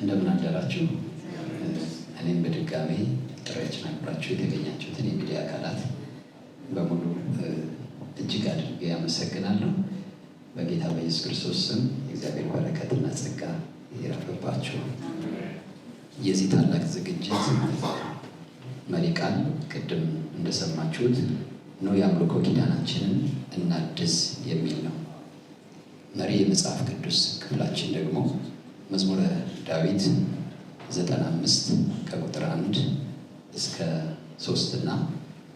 እንደምን አደራችሁ። እኔም በድጋሚ ጥሪያችን አክብራችሁ የተገኛችሁትን የሚዲያ አካላት በሙሉ እጅግ አድርጌ ያመሰግናለሁ። በጌታ በኢየሱስ ክርስቶስ ስም የእግዚአብሔር በረከትና ጸጋ ይረፍባችሁ። የዚህ ታላቅ ዝግጅት መሪ ቃል ቅድም እንደሰማችሁት ነው የአምልኮ ኪዳናችንን እናድስ የሚል ነው። መሪ የመጽሐፍ ቅዱስ ክፍላችን ደግሞ መዝሙረ ዳዊት 95 ከቁጥር 1 እስከ 3 እና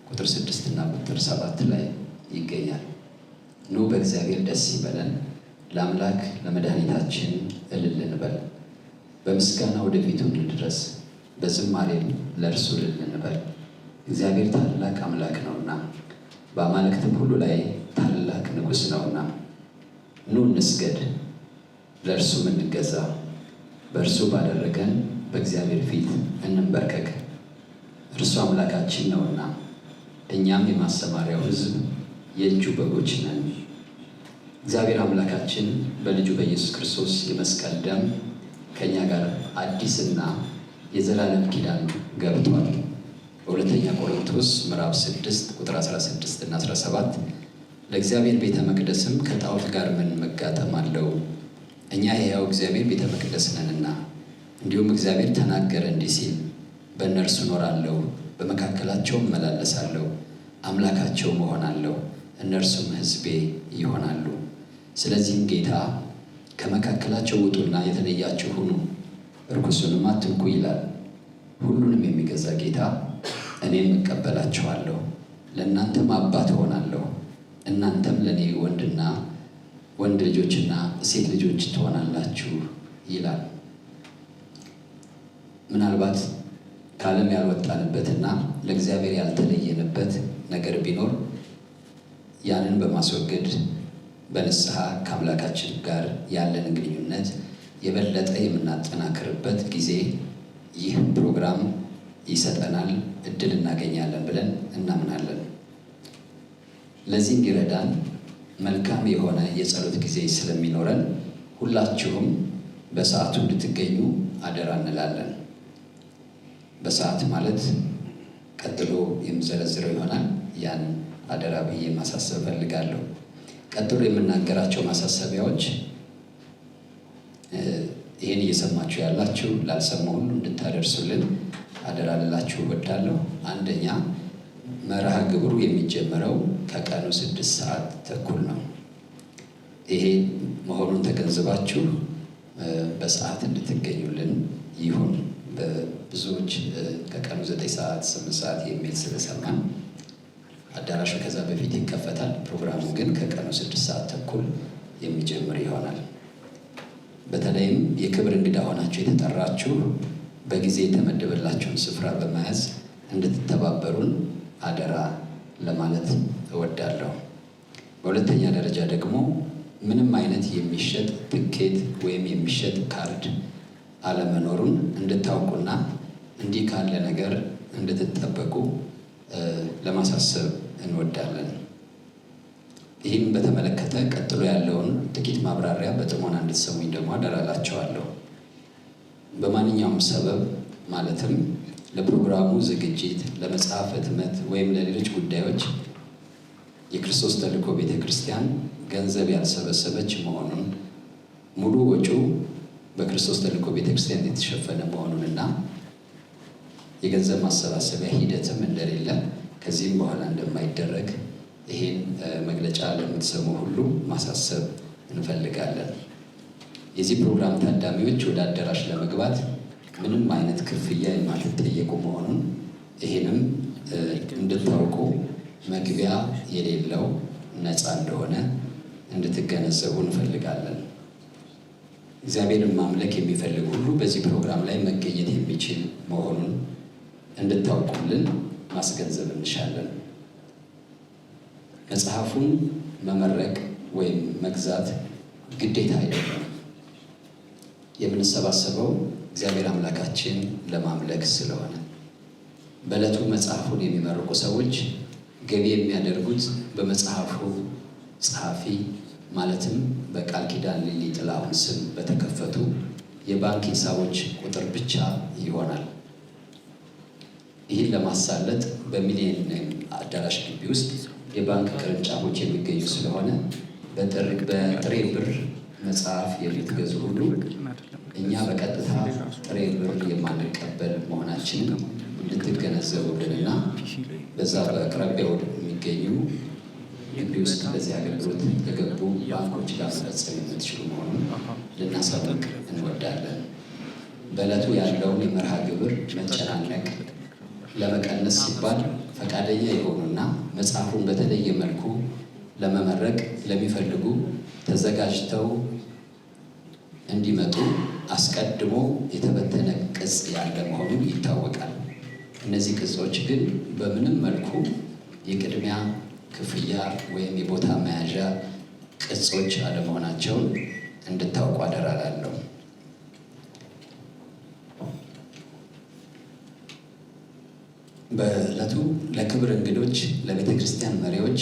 ቁጥር 6 እና ቁጥር 7 ላይ ይገኛል። ኑ በእግዚአብሔር ደስ ይበለን፣ ለአምላክ ለመድኃኒታችን እልል እንበል። በምስጋና ወደ ፊቱ እንድረስ፣ በዝማሬም ለእርሱ እልል እንበል። እግዚአብሔር ታላቅ አምላክ ነውና፣ በአማልክትም ሁሉ ላይ ታላቅ ንጉሥ ነውና፣ ኑ እንስገድ ለእርሱ እንገዛ፣ በእርሱ ባደረገን በእግዚአብሔር ፊት እንንበርከክ። እርሱ አምላካችን ነውና እኛም የማሰማሪያው ሕዝብ የእጁ በጎች ነን። እግዚአብሔር አምላካችን በልጁ በኢየሱስ ክርስቶስ የመስቀል ደም ከእኛ ጋር አዲስና የዘላለም ኪዳን ገብቷል። በሁለተኛ ቆሮንቶስ ምዕራፍ 6 ቁጥር 16 እና 17 ለእግዚአብሔር ቤተ መቅደስም ከጣዖት ጋር ምን መጋጠም አለው? እኛ የሕያው እግዚአብሔር ቤተ መቅደስ ነንና እንዲሁም እግዚአብሔር ተናገረ እንዲህ ሲል በእነርሱ እኖራለሁ፣ በመካከላቸው እመላለሳለሁ፣ አምላካቸው መሆናለሁ፣ እነርሱም ሕዝቤ ይሆናሉ። ስለዚህም ጌታ ከመካከላቸው ውጡና የተለያችሁ ሁኑ፣ እርኩሱንም አትንኩ ይላል። ሁሉንም የሚገዛ ጌታ እኔም እቀበላችኋለሁ፣ ለእናንተም አባት እሆናለሁ፣ እናንተም ለእኔ ወንድና ወንድ ልጆችና ሴት ልጆች ትሆናላችሁ ይላል። ምናልባት ከዓለም ያልወጣንበትና ለእግዚአብሔር ያልተለየንበት ነገር ቢኖር ያንን በማስወገድ በንስሐ ከአምላካችን ጋር ያለን ግንኙነት የበለጠ የምናጠናክርበት ጊዜ ይህ ፕሮግራም ይሰጠናል፣ እድል እናገኛለን ብለን እናምናለን። ለዚህ እንዲረዳን መልካም የሆነ የጸሎት ጊዜ ስለሚኖረን ሁላችሁም በሰዓቱ እንድትገኙ አደራ እንላለን። በሰዓት ማለት ቀጥሎ የምዘረዝረው ይሆናል። ያን አደራ ብዬ ማሳሰብ ፈልጋለሁ። ቀጥሎ የምናገራቸው ማሳሰቢያዎች ይህን እየሰማችሁ ያላችሁ ላልሰማ ሁሉ እንድታደርሱልን አደራ ልላችሁ እወዳለሁ። አንደኛ መርሃ ግብሩ የሚጀመረው ከቀኑ ስድስት ሰዓት ተኩል ነው። ይሄ መሆኑን ተገንዝባችሁ በሰዓት እንድትገኙልን ይሁን። ብዙዎች ከቀኑ ዘጠኝ ሰዓት ስምንት ሰዓት የሚል ስለሰማን አዳራሹ ከዛ በፊት ይከፈታል። ፕሮግራሙ ግን ከቀኑ ስድስት ሰዓት ተኩል የሚጀምር ይሆናል። በተለይም የክብር እንግዳ ሆናችሁ የተጠራችሁ በጊዜ የተመደበላችሁን ስፍራ በመያዝ እንድትተባበሩን አደራ ለማለት እወዳለሁ። በሁለተኛ ደረጃ ደግሞ ምንም አይነት የሚሸጥ ትኬት ወይም የሚሸጥ ካርድ አለመኖሩን እንድታውቁና እንዲህ ካለ ነገር እንድትጠበቁ ለማሳሰብ እንወዳለን። ይህም በተመለከተ ቀጥሎ ያለውን ጥቂት ማብራሪያ በጥሞና እንድትሰሙኝ ደግሞ አደራላቸዋለሁ። በማንኛውም ሰበብ ማለትም ለፕሮግራሙ ዝግጅት፣ ለመጽሐፍ ህትመት ወይም ለሌሎች ጉዳዮች የክርስቶስ ተልእኮ ቤተ ክርስቲያን ገንዘብ ያልሰበሰበች መሆኑን ሙሉ ወጪው በክርስቶስ ተልእኮ ቤተ ክርስቲያን የተሸፈነ መሆኑን እና የገንዘብ ማሰባሰቢያ ሂደትም እንደሌለ ከዚህም በኋላ እንደማይደረግ ይህን መግለጫ ለምትሰሙ ሁሉ ማሳሰብ እንፈልጋለን። የዚህ ፕሮግራም ታዳሚዎች ወደ አዳራሽ ለመግባት ምንም አይነት ክፍያ የማትጠየቁ መሆኑን ይህንም እንድታውቁ መግቢያ የሌለው ነፃ እንደሆነ እንድትገነዘቡ እንፈልጋለን። እግዚአብሔርን ማምለክ የሚፈልግ ሁሉ በዚህ ፕሮግራም ላይ መገኘት የሚችል መሆኑን እንድታውቁልን ማስገንዘብ እንሻለን። መጽሐፉን መመረቅ ወይም መግዛት ግዴታ አይደለም። የምንሰባሰበው እግዚአብሔር አምላካችን ለማምለክ ስለሆነ በእለቱ መጽሐፉን የሚመርቁ ሰዎች ገቢ የሚያደርጉት በመጽሐፉ ጸሐፊ ማለትም በቃል ኪዳን ሊሊ ጥላሁን ስም በተከፈቱ የባንክ ሂሳቦች ቁጥር ብቻ ይሆናል። ይህን ለማሳለጥ በሚሊኒየም አዳራሽ ግቢ ውስጥ የባንክ ቅርንጫፎች የሚገኙ ስለሆነ በጥሬ ብር መጽሐፍ የምትገዙ ሁሉ እኛ በቀጥታ ጥሬ ብር የማንቀበል መሆናችንን እንድትገነዘቡልንና በዛ በአቅራቢያው የሚገኙ ግቢ ውስጥ በዚህ አገልግሎት ከገቡ ባንኮች ጋር መፈጸም የምትችሉ መሆኑን ልናሳውቅ እንወዳለን። በዕለቱ ያለውን የመርሃ ግብር መጨናነቅ ለመቀነስ ሲባል ፈቃደኛ የሆኑና መጽሐፉን በተለየ መልኩ ለመመረቅ ለሚፈልጉ ተዘጋጅተው እንዲመጡ አስቀድሞ የተበተነ ቅጽ ያለ መሆኑን ይታወቃል። እነዚህ ቅጾች ግን በምንም መልኩ የቅድሚያ ክፍያ ወይም የቦታ መያዣ ቅጾች አለመሆናቸውን እንድታውቁ አደራላለሁ። በእለቱ ለክብር እንግዶች፣ ለቤተ ክርስቲያን መሪዎች፣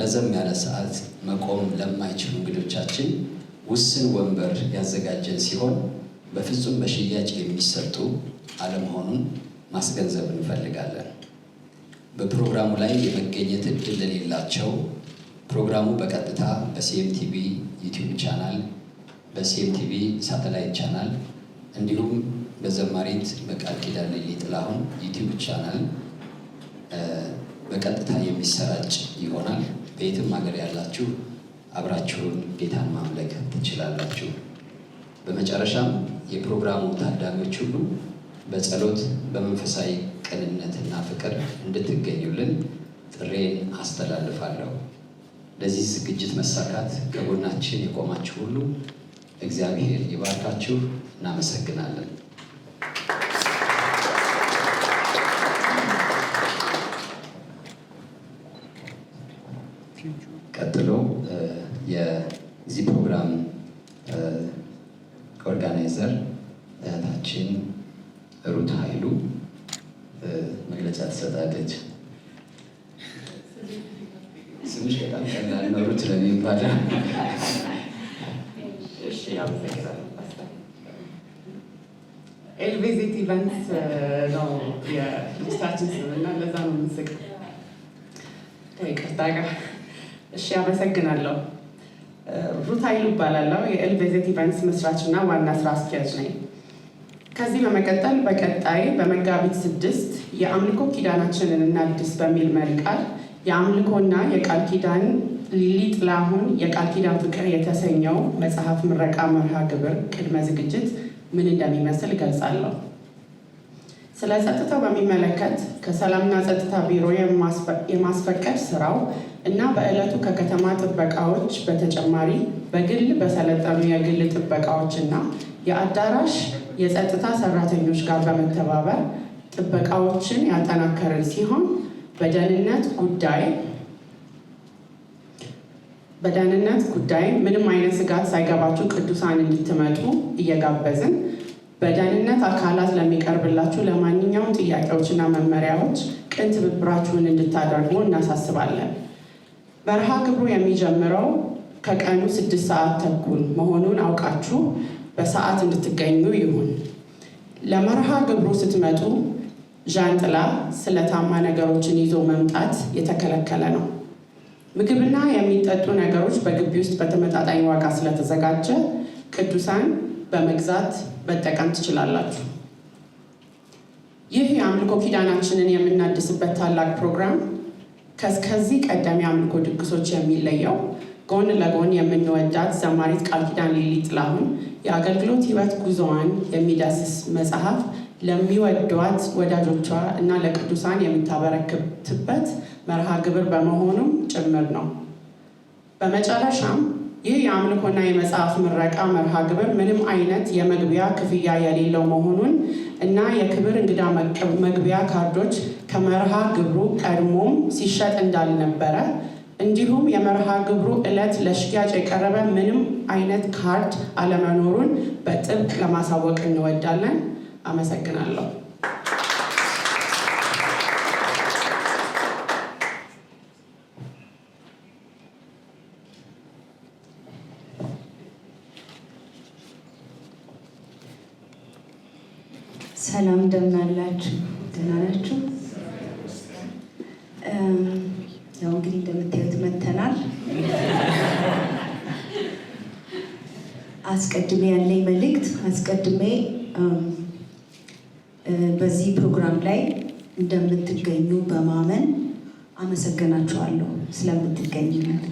ረዘም ያለ ሰዓት መቆም ለማይችሉ እንግዶቻችን ውስን ወንበር ያዘጋጀን ሲሆን በፍጹም በሽያጭ የሚሰጡ አለመሆኑን ማስገንዘብ እንፈልጋለን። በፕሮግራሙ ላይ የመገኘት እድል ለሌላቸው ፕሮግራሙ በቀጥታ በሲኤምቲቪ ዩቲዩብ ቻናል፣ በሲኤምቲቪ ሳተላይት ቻናል እንዲሁም በዘማሪት በቃል ኪዳን ጥላሁን ዩቲዩብ ቻናል በቀጥታ የሚሰራጭ ይሆናል። በየትም ሀገር ያላችሁ አብራችሁን ጌታን ማምለክ ትችላላችሁ። በመጨረሻም የፕሮግራሙ ታዳሚዎች ሁሉ በጸሎት በመንፈሳዊ ቅንነትና ፍቅር እንድትገኙልን ጥሬን አስተላልፋለሁ። ለዚህ ዝግጅት መሳካት ከጎናችን የቆማችሁ ሁሉ እግዚአብሔር ይባርካችሁ። እናመሰግናለን። ኤልቬዜት ኢቨንትስ ነው የድርጅታችን ስም እና ለዛ ነው የምንስቅ። ይቅርታ ጋር እሺ፣ አመሰግናለሁ። ሩት uh, ኃይሉ እባላለሁ። የኤልቬዜት ኢቨንትስ መስራች እና ዋና ስራ አስኪያጅ ነኝ። ከዚህ በመቀጠል በቀጣይ በመጋቢት ስድስት የአምልኮ ኪዳናችንን እናድስ በሚል መሪ ቃል የአምልኮና የቃል ኪዳን ሊሊ ጥላሁን የቃል ኪዳን ፍቅር የተሰኘው መጽሐፍ ምረቃ መርሃ ግብር ቅድመ ዝግጅት ምን እንደሚመስል ገልጻለሁ። ስለ ጸጥታ በሚመለከት ከሰላምና ጸጥታ ቢሮ የማስፈቀድ ስራው እና በዕለቱ ከከተማ ጥበቃዎች በተጨማሪ በግል በሰለጠኑ የግል ጥበቃዎች እና የአዳራሽ የጸጥታ ሰራተኞች ጋር በመተባበር ጥበቃዎችን ያጠናከርን ሲሆን በደህንነት ጉዳይ በደህንነት ጉዳይ ምንም አይነት ስጋት ሳይገባችሁ ቅዱሳን እንድትመጡ እየጋበዝን በደህንነት አካላት ለሚቀርብላችሁ ለማንኛውም ጥያቄዎችና መመሪያዎች ቅን ትብብራችሁን እንድታደርጉ እናሳስባለን። መርሃ ግብሩ የሚጀምረው ከቀኑ ስድስት ሰዓት ተኩል መሆኑን አውቃችሁ በሰዓት እንድትገኙ ይሁን። ለመርሃ ግብሩ ስትመጡ ዣንጥላ፣ ስለታማ ነገሮችን ይዞ መምጣት የተከለከለ ነው። ምግብና የሚጠጡ ነገሮች በግቢ ውስጥ በተመጣጣኝ ዋጋ ስለተዘጋጀ ቅዱሳን በመግዛት መጠቀም ትችላላችሁ። ይህ የአምልኮ ኪዳናችንን የምናድስበት ታላቅ ፕሮግራም ከዚህ ቀደም የአምልኮ ድግሶች የሚለየው ጎን ለጎን የምንወዳት ዘማሪት ቃል ኪዳን ሊሊ ጥላሁን የአገልግሎት ሕይወት ጉዞዋን የሚዳስስ መጽሐፍ ለሚወዷት ወዳጆቿ እና ለቅዱሳን የምታበረክትበት መርሃ ግብር በመሆኑም ጭምር ነው። በመጨረሻም ይህ የአምልኮና የመጽሐፍ ምረቃ መርሃ ግብር ምንም አይነት የመግቢያ ክፍያ የሌለው መሆኑን እና የክብር እንግዳ መግቢያ ካርዶች ከመርሃ ግብሩ ቀድሞም ሲሸጥ እንዳልነበረ እንዲሁም የመርሃ ግብሩ ዕለት ለሽያጭ የቀረበ ምንም አይነት ካርድ አለመኖሩን በጥብቅ ለማሳወቅ እንወዳለን። አመሰግናለሁ። አመሰግናለሁ ስለምትገኝነት።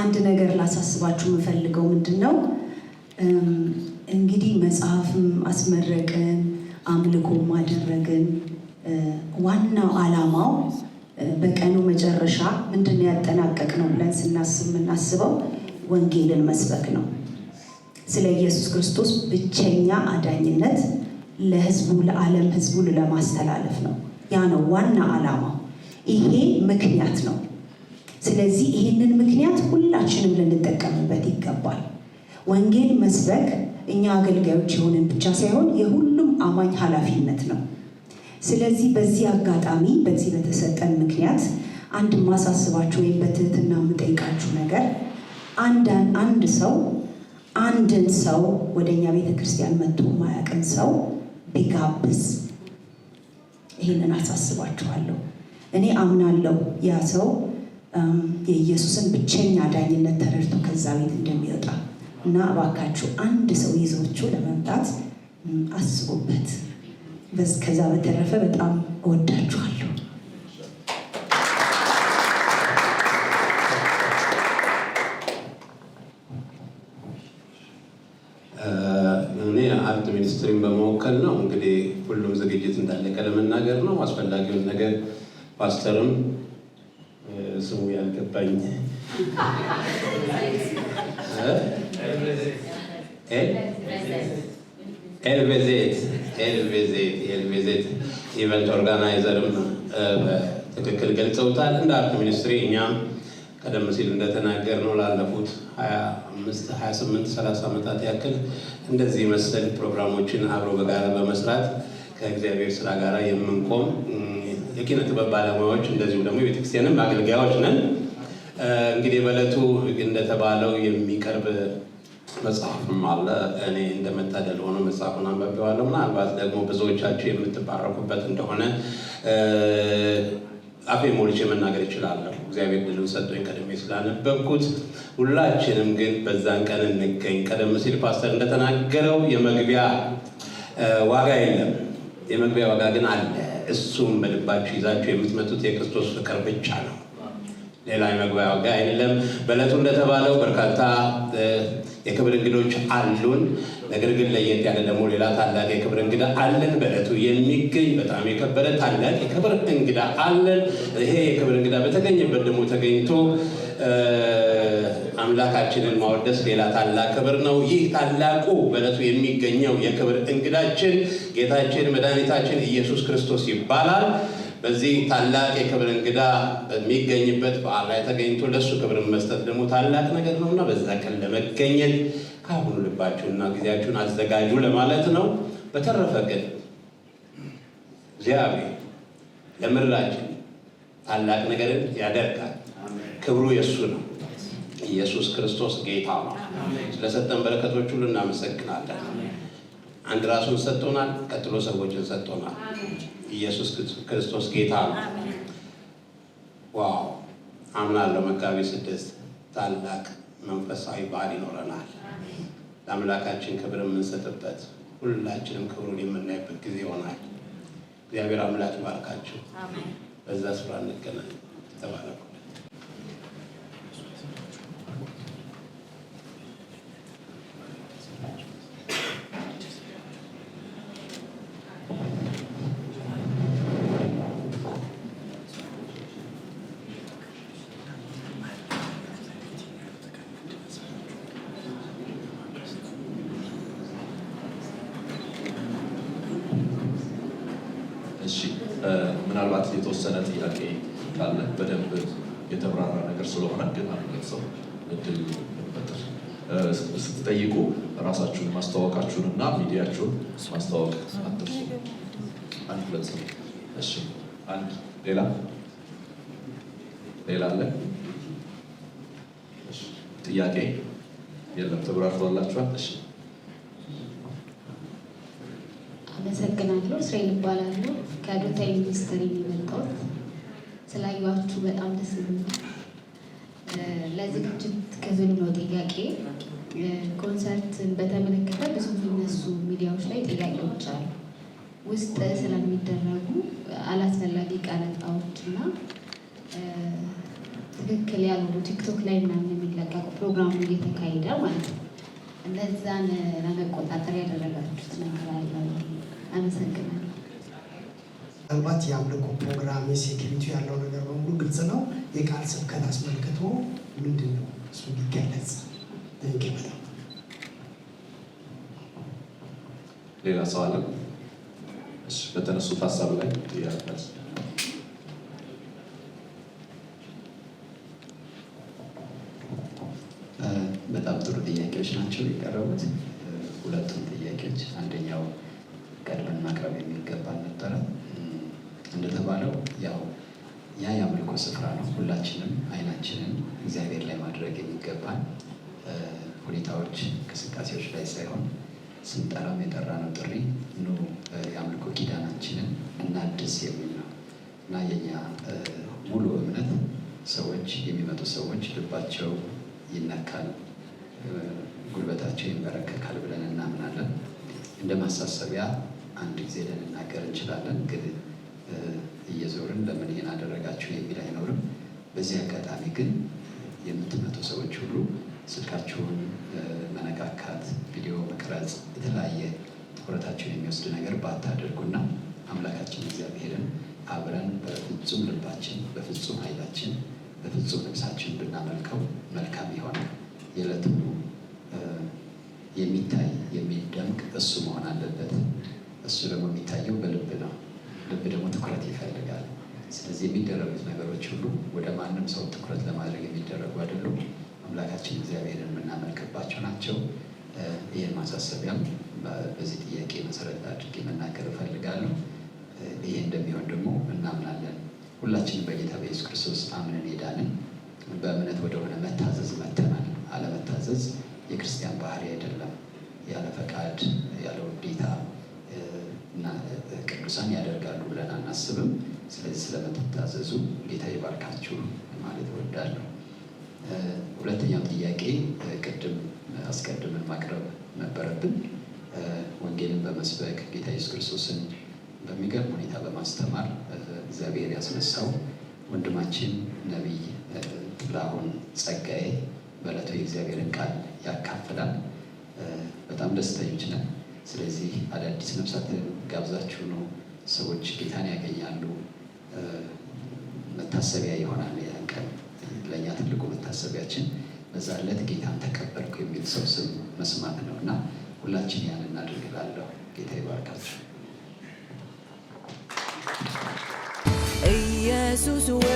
አንድ ነገር ላሳስባችሁ የምፈልገው ምንድን ነው እንግዲህ መጽሐፍም አስመረቅን አምልኮም አደረግን። ዋናው ዓላማው በቀኑ መጨረሻ ምንድን ነው ያጠናቀቅ ነው ብለን ስናስብ የምናስበው ወንጌልን መስበክ ነው። ስለ ኢየሱስ ክርስቶስ ብቸኛ አዳኝነት ለህዝቡ ለዓለም ህዝቡን ለማስተላለፍ ነው። ያ ነው ዋና ዓላማው። ይሄ ምክንያት ነው። ስለዚህ ይህንን ምክንያት ሁላችንም ልንጠቀምበት ይገባል። ወንጌል መስበክ እኛ አገልጋዮች የሆንን ብቻ ሳይሆን የሁሉም አማኝ ኃላፊነት ነው። ስለዚህ በዚህ አጋጣሚ በዚህ በተሰጠን ምክንያት አንድ ማሳስባችሁ ወይም በትህትና የምጠይቃችሁ ነገር አንድ ሰው አንድን ሰው ወደ እኛ ቤተክርስቲያን መጥቶ ማያቅን ሰው ቢጋብዝ ይህንን አሳስባችኋለሁ። እኔ አምናለሁ ያ ሰው የኢየሱስን ብቸኛ ዳኝነት ተረድቶ ከዛ ቤት እንደሚወጣ እና እባካችሁ አንድ ሰው ይዛችሁ ለመምጣት አስቡበት። ከዛ በተረፈ በጣም እወዳችኋለሁ። ሚኒስትሪን በመወከል ነው። እንግዲህ ሁሉም ዝግጅት እንዳለቀ ለመናገር ነው። አስፈላጊውን ነገር ፓስተርም ስሙ ያልገባኝ ኤልቬዜት ኤልቬዜት ኤልቬዜት ኢቨንት ኦርጋናይዘርም በትክክል ገልጸውታል። እንደ አርት ሚኒስትሪ እኛም ቀደም ሲል እንደተናገር ነው ላለፉት 25 28 30 ዓመታት ያክል እንደዚህ መሰል ፕሮግራሞችን አብሮ በጋራ በመስራት ከእግዚአብሔር ስራ ጋር የምንቆም የኪነ ጥበብ ባለሙያዎች እንደዚሁ ደግሞ የቤተክርስቲያንም አገልጋዮች ነን። እንግዲህ በዕለቱ እንደተባለው የሚቀርብ መጽሐፍም አለ። እኔ እንደመታደል ሆኖ መጽሐፉን አንበቤዋለሁ። ምናልባት ደግሞ ብዙዎቻችሁ የምትባረኩበት እንደሆነ አፌ ሞልቼ መናገር ይችላለሁ። እግዚአብሔር ድልን ሰጥቶኝ ቀድሜ ስላነበብኩት ሁላችንም ግን በዛን ቀን እንገኝ። ቀደም ሲል ፓስተር እንደተናገረው የመግቢያ ዋጋ የለም፣ የመግቢያ ዋጋ ግን አለ። እሱም በልባችሁ ይዛችሁ የምትመጡት የክርስቶስ ፍቅር ብቻ ነው። ሌላ የመግቢያ ዋጋ አይደለም። በዕለቱ እንደተባለው በርካታ የክብር እንግዶች አሉን። ነገር ግን ለየት ያለ ደግሞ ሌላ ታላቅ የክብር እንግዳ አለን። በለቱ የሚገኝ በጣም የከበረ ታላቅ የክብር እንግዳ አለን። ይሄ የክብር እንግዳ በተገኘበት ደግሞ ተገኝቶ አምላካችንን ማወደስ ሌላ ታላቅ ክብር ነው። ይህ ታላቁ በዕለቱ የሚገኘው የክብር እንግዳችን ጌታችን መድኃኒታችን ኢየሱስ ክርስቶስ ይባላል። በዚህ ታላቅ የክብር እንግዳ በሚገኝበት በዓል ላይ ተገኝቶ ለእሱ ክብር መስጠት ደግሞ ታላቅ ነገር ነው እና በዛ ቀን ለመገኘት ከአሁኑ ልባችሁና ጊዜያችሁን አዘጋጁ ለማለት ነው። በተረፈ ግን እግዚአብሔር ለምድራችን ታላቅ ነገርን ያደርጋል። ክብሩ የእሱ ነው። ኢየሱስ ክርስቶስ ጌታ ነው። ስለሰጠን በረከቶች ሁሉ እናመሰግናለን። አንድ ራሱን ሰጥቶናል፣ ቀጥሎ ሰዎችን ሰጥቶናል። ኢየሱስ ክርስቶስ ጌታ ነው። ዋው አምናለሁ። መጋቢ ስድስት ታላቅ መንፈሳዊ በዓል ይኖረናል። ለአምላካችን ክብር የምንሰጥበት ሁላችንም ክብሩን የምናይበት ጊዜ ይሆናል። እግዚአብሔር አምላክ ይባርካችሁ። በዛ ስፍራ እንገናኝ። ተባረኩ። ምናልባት የተወሰነ ጥያቄ ካለ በደንብ የተብራራ ነገር ስለሆነ ግን አንድ ሰው እድል ንበጥር ስትጠይቁ ራሳችሁን ማስተዋወቃችሁን እና ሚዲያችሁን ማስተዋወቅ አትርሱ። አንድ ሁለት ሰው። እሺ፣ አንድ ሌላ ሌላ አለ ጥያቄ? የለም፣ ተብራርቷላችኋል። እሺ አመሰግናለሁ። እስራኤል ይባላሉ ከዶታ ሚኒስትሪ የመጣሁት ስላየኋችሁ በጣም ደስ ለዝግጅት ነው ጥያቄ ኮንሰርትን በተመለከተ ብዙ የሚነሱ ሚዲያዎች ላይ ጥያቄዎች አሉ። ውስጥ ስለሚደረጉ አላስፈላጊ ቀረጻዎች እና ትክክል ያልሆኑ ቲክቶክ ላይ ምናምን የሚለቀቁ ፕሮግራሙ እየተካሄደ ማለት ነው እነዛን ለመቆጣጠር ያደረጋችሁት ነገር አለ? አመሰግናለሁ። ምናልባት የአምልኮ ፕሮግራም ሴኪሪቲ ያለው ነገር በሙሉ ግልጽ ነው። የቃል ስብከት አስመልክቶ ምንድን ነው እሱ ሊገለጽ በጣም ሌላ ሰው አለ በተነሱት ሀሳብ ላይ ያበት በጣም ጥሩ ጥያቄዎች ናቸው የቀረቡት። ሁለቱም ጥያቄዎች አንደኛው ቀድመን ማቅረብ የሚገባን ነበረ። እንደተባለው ያው ያ የአምልኮ ስፍራ ነው። ሁላችንም አይናችንን እግዚአብሔር ላይ ማድረግ የሚገባን ሁኔታዎች፣ እንቅስቃሴዎች ላይ ሳይሆን ስንጠራም የጠራነው ጥሪ ኑ የአምልኮ ኪዳናችንን እናድስ የሚል ነው እና የኛ ሙሉ እምነት ሰዎች የሚመጡ ሰዎች ልባቸው ይነካል፣ ጉልበታቸው ይንበረከካል ብለን እናምናለን። እንደ ማሳሰቢያ አንድ ጊዜ ልንናገር እንችላለን፣ ግን እየዞርን ለምን ይህን አደረጋችሁ የሚል አይኖርም። በዚህ አጋጣሚ ግን የምትመጡ ሰዎች ሁሉ ስልካችሁን መነካካት፣ ቪዲዮ መቅረጽ፣ የተለያየ ትኩረታችሁን የሚወስድ ነገር ባታደርጉና አምላካችን እግዚአብሔርን አብረን በፍጹም ልባችን፣ በፍጹም ኃይላችን፣ በፍጹም ልብሳችን ብናመልከው መልካም ይሆናል። የዕለቱ የሚታይ የሚደምቅ እሱ መሆን አለበት። እሱ ደግሞ የሚታየው በልብ ነው። ልብ ደግሞ ትኩረት ይፈልጋል። ስለዚህ የሚደረጉት ነገሮች ሁሉ ወደ ማንም ሰው ትኩረት ለማድረግ የሚደረጉ አይደሉም። አምላካችን እግዚአብሔርን የምናመልክባቸው ናቸው። ይህን ማሳሰቢያም በዚህ ጥያቄ መሰረት አድርጌ መናገር እፈልጋለሁ። ይሄ እንደሚሆን ደግሞ እናምናለን። ሁላችንም በጌታ በኢየሱስ ክርስቶስ አምነን ሄዳለን በእምነት ወደሆነ መታዘዝ መተናል። አለመታዘዝ የክርስቲያን ባህሪ አይደለም። ያለ ፈቃድ ያለ ውዴታ ቅዱሳን ያደርጋሉ ብለን አናስብም። ስለዚህ ስለመታዘዙ ጌታ ይባርካችሁ ማለት እወዳለሁ። ሁለተኛው ጥያቄ ቅድም አስቀድመን ማቅረብ ነበረብን። ወንጌልን በመስበክ ጌታ ኢየሱስ ክርስቶስን በሚገርም ሁኔታ በማስተማር እግዚአብሔር ያስነሳው ወንድማችን ነቢይ ጥላሁን ጸጋዬ በዕለቱ የእግዚአብሔርን ቃል ያካፍላል። በጣም ደስተኞች ነን። ስለዚህ አዳዲስ ነፍሳትን ጋብዛችሁ ነው ሰዎች ጌታን ያገኛሉ። መታሰቢያ ይሆናል። ያን ቀን ለእኛ ትልቁ መታሰቢያችን በዛ ዕለት ጌታን ተቀበልኩ የሚል ሰው ስም መስማት ነው እና ሁላችን ያን እናድርግላለሁ። ጌታ ይባርካችሁ። ኢየሱስ